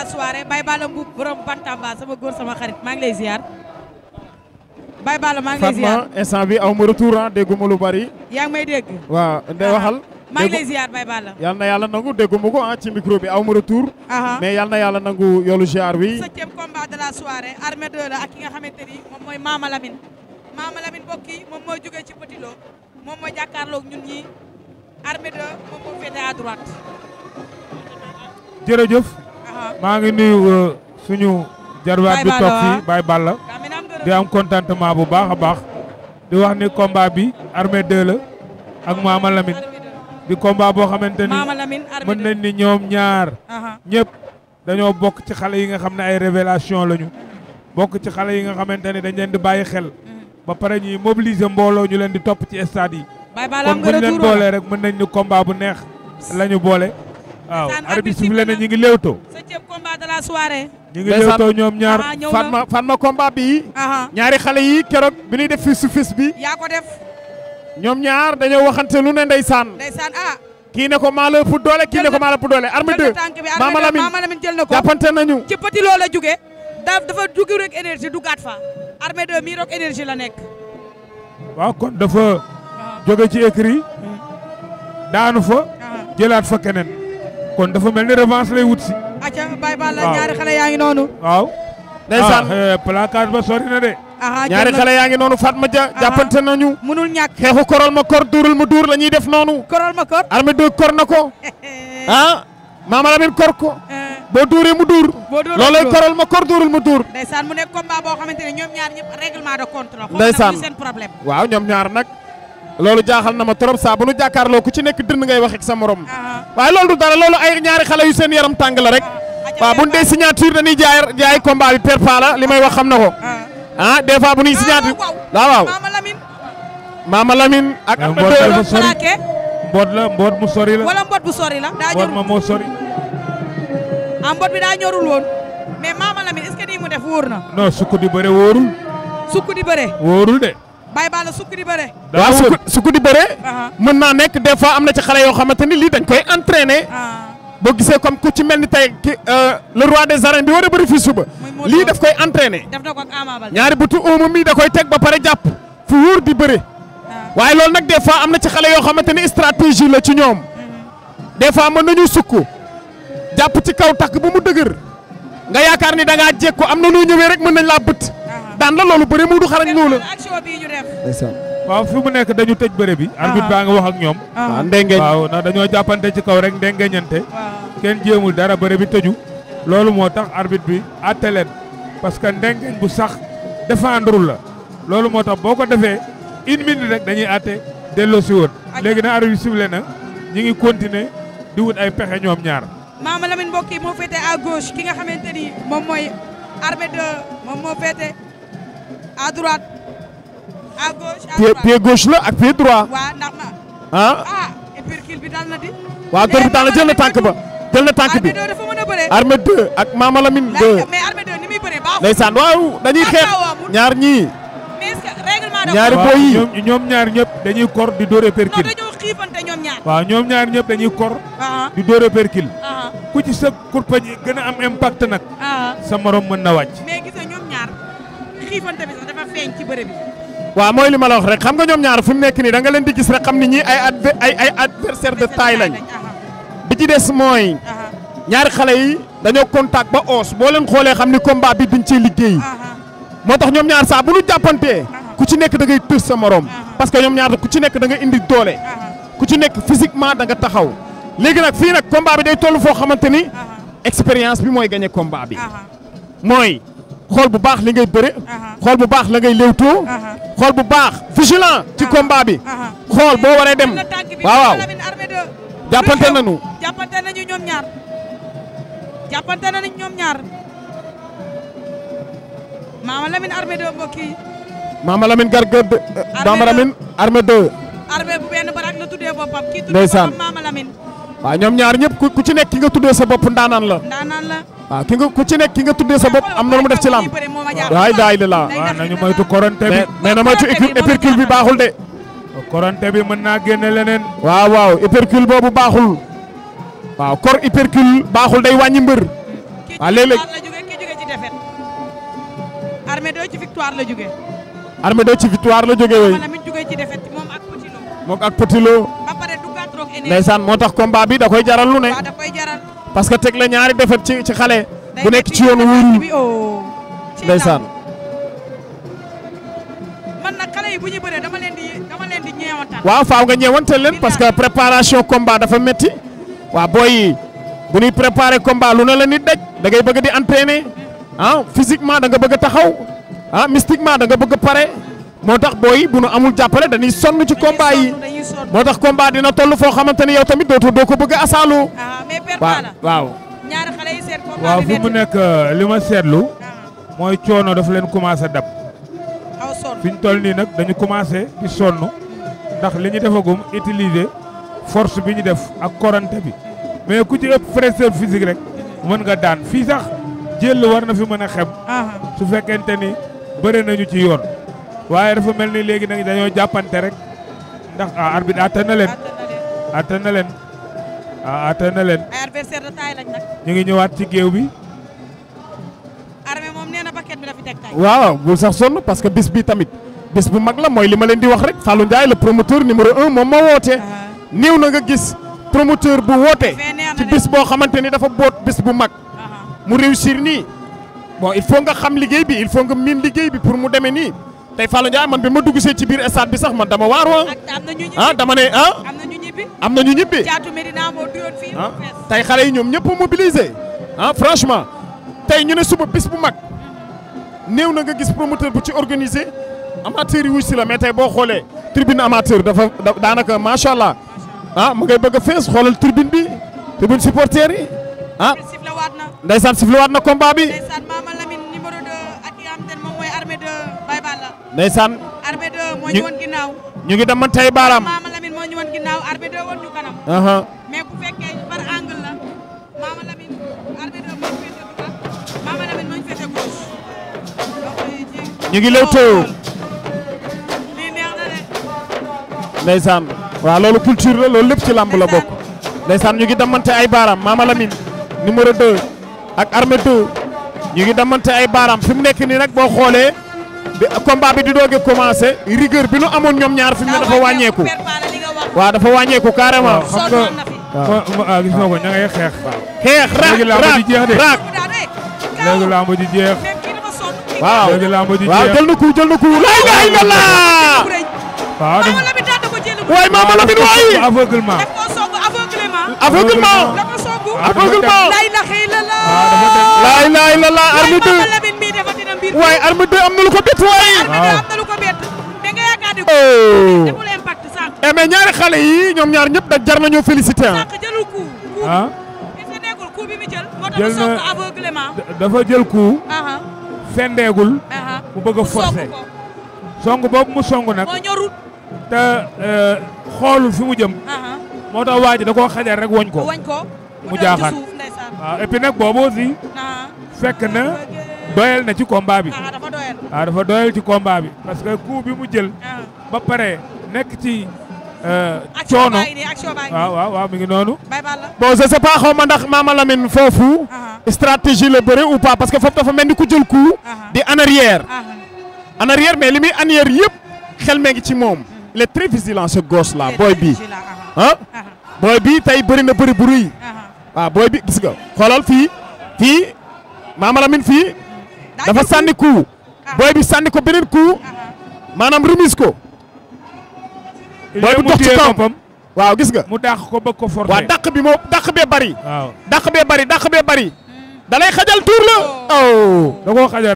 la soirée Baye Balla Mbuub borom sama góor sama xarit maa lay ziar. Baye Balla maa lay ziar Fatma instant bi aw ma retour ah dégguma lu ah, lay ziar Baye Balla. yal na yàlla nangu dégguma ko ah ci micro bi aw ma retour. mais yal na yàlla nangu yoolu ziar wi. septième combat de la soirée armée la ak ki nga xamante ni moom mooy Mama Lamine. Mama moom moo jógee ci Petit Lo moom moo jàkkaarloog ñun ñii armée moom moo féete à droite. jërëjëf. maa ngi nuyu uh, suñu jarwaat bi toog fii Baye Balla di am contentement bu baax a baax di wax ni combat bi armée 2 la ak Mama Lamine di combat boo xamante ni mën nañ ni ñoom ñaar ñëpp dañoo bokk ci xale yi nga xam ne ay révélation lañu bokk ci xale yi nga xamante ni dañ leen di bàyyi xel mhm. ba pare ñuy mobiliser mbooloo ñu leen di topp ci stade yi kon buñ leen boolee rek mën nañ ni combat bu neex lañu boole waaw arbitre bi sifflé na ñu ngi léewtoo la soirée. ñu ngi léewtoo ñoom ñaar Fatma Fatma combat bi ñaari xale yii keroog bi ñuy def fi sufis bi. yaa ko def. ñoom ñaar dañoo waxante lu ne ndeysaan. ndeysaan ah. kii ne ko maa la ëpp doole kii ne ko maa la ëpp doole. arme deux Mama Lamine Mama Lamine jël na ko jàppante nañu. ci petit loo la jugee. daaf dafa dugg rek énergie duggaat fa. arme deux mii rek énergie la nekk. waaw kon dafa ah. jóge ci écrit ah. daanu fa. Ah. jëlaat fa keneen. kon dafa mel ni revanche lay wut si. tubaarkaal la ñaari yaa ngi noonu. waaw. ndeysaan ah, eh, placage ba sori na de. ñaari xale yaa ngi noonu Fatma ma jàppante nañu. munul ñàkk xeexu koral ma kor duurul ma duur la ñuy def noonu. koral ma kor armé du kor na ko. ah Mama Lamine kor ko. Eh. boo duuree mu duur. boo duuree mu duur loolay koral ma kor duurul mu duur. ndeysaan mu nekk ne ñoom ñaar ñëpp règlement de compte la. waaw ñoom ñaar nag. loolu jaaxal na ma trop saa bu nu ku ci nekk dënn ngay wax ak sa morom. waaye loolu du dara loolu ay ñaari xale yu seen yaram tàng la rek. waaw bu ñu dee signature dañuy jaay jaay combat bi per pas la li may wax xam na ko. ah, ah des fois bu ñuy signature. Ah, waaw waaw Mama Lamine. Mama Lamine ak. mboot la mboot mu sori la. wala mboot bu sori la. daa ñorul mboot ma moo sori. ah mboot bi daa ñorul woon. mais Mama Lamine est-ce que nii mu def wóor na. non sukk di bëre wóorul. sukk di bëre. wóorul de. bay baa la sukk di bëre. daa wóor waaw sukk sukk di bëre. Ah. mën naa nekk des fois am na ci xale yoo xamante ni lii dañ koy entraîner. boo gisee comme ku ci mel ni tey ki euh, le roi des arènes bi war a bëri fii suba. lii daf koy entraîner. daf na ko ak Ama Baldé ñaari butu umu mi da koy teg ba pare jàpp fu wóor di bëre. Ah. waaye loolu nag des fois am na ci xale yoo xamante ni stratégie la ci ñoom. Mm-hmm. des fois mën nañu sukk jàpp ci kaw takk bu mu dëgër nga yaakaar ni da ngaa jékku am na noo ñëwee rek mën nañ laa bët. Ah. daan la loolu bëri mu du xarañ loolu. action bii waaw fi mu nekk dañu tëj bëre bi ah. arbit baa nga wax ñoom ah. ndengeñ waaw ndax dañoo jàppante ci kaw rek ndengeñante kenn jéemul dara bëre bi tëju loolu moo tax arbitre bi àtte leen parce que ndengeñ bu sax défendrul la loolu moo tax boo ko defee une minute rek dañuy àtte delloo si woon léegi na arbitre bi sifflé na ñi ngi continuer di wut ay pexe ñoom ñaar Mama Lamine mbokk yi moo féete ki nga xamante moom mooy arbitre moom moo féete à à gauche à la ak pied droit. waaw ndax ma. Ah. Ah, bi dal na di. waaw dóor bi dal na tànk ba jël na tànk bi. armée 2 ak Mama Lamine 2. mais waaw dañuy xeex ñaar ñii. ñaari booy yi ñoom ñaar ñëpp dañuy kor di dóor épercule. non dañoo xiifante waaw ñoom ñaar ñëpp dañuy kor. Ah, di dóor épercule. ku ci sa kurpañ yi gën a am impact nag. sa morom mën na wàcc. mais waaw mooy li ma wax rek xam nga ñoom ñaar fu mu nekk nii da leen di gis rek xam ni ñii ay ay ay adversaire de taille lañ bi ci des mooy ñaari xale yi dañoo contact ba os boo leen xoolee xam ni combat bi duñ cee liggéey moo tax ñoom ñaar saa bu ñu jàppantee ku ci nekk da ngay sa morom parce que ñoom ñaar ku ci nekk danga indi doole ku ci nekk physiquement da nga taxaw léegi nag fii nag combat bi day toll foo xamante ni expérience bi mooy gagné combat bi mooy xool bu baax la ngay bëre. Uh-huh. xool bu baax la ngay léwtoo. Uh-huh. xool bu baax vigilant ci uh-huh. combat bi. xool boo waree dem waaw waaw. nañu. jàppante nañu ñoom ñaar. mbokk yi. Mama Lamine Garga Dama Lamine armée 2. armée bu benn barak tuddee boppam. ndeysaan kii waaw ñoom ñaar ñëpp ku ci nekk ki nga tuddee sa bopp ndaanaan la. ndaanaan la. waaw ki nga ku ci nekk ki nga tuddee sa bopp am na lu mu def ci lamb. waay daay de la waaw nañu moytu koronte bi. mais na moytu épercule bi baaxul de. Oh, koronte bi mën naa génne leneen. waaw waaw épercule boobu baaxul. waaw kor épercule baaxul day wàññi mbër. waaw léeg-léeg kii ci la jógee kii ci victoire la jógee. armée moom ak Petit ndeysaan moo tax combat bi da koy jaral lu ne parce que teg la ñaari defet ci ci xale bu nekk ci yoonu wóorul ndeysaan man bu ñu bëree dama leen di dama leen waaw faaw nga ñeewantal leen parce que préparation combat dafa metti waa booy yi bu ñuy préparé combat lu ne la nit daj da ngay bëgg di entraîner ah physiquement da nga bëgg a taxaw ah mystiquement da nga bëgg a pare moo tax booy bu nu amul jàppale dañuy sonn ci combat yi moo tax combat dina toll foo xamante ni yow tamit dootu doo ko bëgg a asaalu. Ah, waaw waaw. waaw fi mu nekk euh, li ma seetlu. Ah. mooy coono dafa leen commencé dab. fi ñu toll nii nag dañu commencé di sonn ndax li ñu defagum utiliser force bi ñu def ak korante bi mais ku ci ëpp fraîcheur physique rek mën nga daan fii sax jël war na fi mën a xem ah. su fekkente ni bëre nañu ci yoon. waaye dafa mel ni léegi nag dañoo jàppante rek ndax a ah, arbitre attan na leen. attan leen ah leen. ñu ngi ñëwaat ci géew bi. armée moom nee na bi la fi waaw bul sax sonn parce que bis bi tamit bis bu mag la mooy li ma leen di wax rek Fallou Ndiaye le promoteur numéro un moom moo woote. Ah. néew na nga gis promoteur bu woote. ci bis boo xamante ni dafa boot bis bu mag. Ah. mu réussir nii bon il faut nga xam liggéey bi il faut nga miin liggéey bi pour mu demee nii. tey Fallou Ndiaye man bi ma dugg see ci biir stade bi sax man dama waar woon. ah dama ne ah, am na ñu ñibbi am na ñu ñibbi. Ah, tey xale yi ñoom ñëpp mobilisé ah franchement tey ñu ne suba bis bu mag néew na nga gis promoteur bu ci organisé amateur yi wuy si la mais tey boo xoolee tribune amateur dafa daanaka macha allah ah mu ngay bëgg fees xoolal tribune bi tribune supporter yi ah. ndeysaan siflewaat na combat bi. ndeysaan arbitre ginnaaw ñu ngi dama tey baaraam Mama Lamine moo ngi lewtoo lii neex na loolu culture la loolu lépp ci làmb la bokk ndeysaan ñu ngi damante ay baaraam Mama Lamine numéro 2 ak Armée 2 ñu ngi damante ay baaraam fi mu nekk nii nag boo xoolee bi combat bi di doog commencé rigueur bi nu amoon ñoom ñaar fi mu ne dafa ah, wàññeeku. waaw dafa wàññeeku carrément. xam nga ah. Ah, gis nga xeex. xeex raak raak waaw léegi na ku jël na ku la ilaha illallah. waaw bi waay waaye arme deux am na lu ko bett waaye. waaw oh. eh, ñaari xale yi ñoom ñaar ñëpp da jar nañoo félicité ah. ah. jël. jël na dafa jël coup. Uh-huh. fendeegul. Uh-huh. mu bëgg a forcer boobu mu song nag. moo ñorul. te euh, xoolul fi mu jëm. Uh-huh. moo tax waa ji da koo xajal rek woñ ko. mu jaaxal waaw nag boobu aussi. fekk na. doyal na ci combat bi. waaw ah, ah, dafa doyal. ci combat parce que coup bi mu jël. Ah. ba nekk ci. Euh, coono waaw waaw waaw mi ngi noonu. bon je sais pas xaw ma ndax Mama Lamine foofu. stratégie la bëre ou pas parce que foofu dafa mel ni ku jël coup. di en arrière. en arrière mais li muy en arrière yëpp xel mee ngi ci moom. il est très vigilant ce gosse là booy tey bëri na bëri bu waaw booy bi gis xoolal fii fii Mama fii. dafa sànni coup ah. booy bi sànni ko beneen coup ah. maanaam remise ko. booy bu dox ci waaw gis nga. mu dàq ko bëgg ko forcer waaw dàq bi moo dàq bee bari. waaw dàq bari dàq bee bari. da xajal tuur la. Oh. Oh.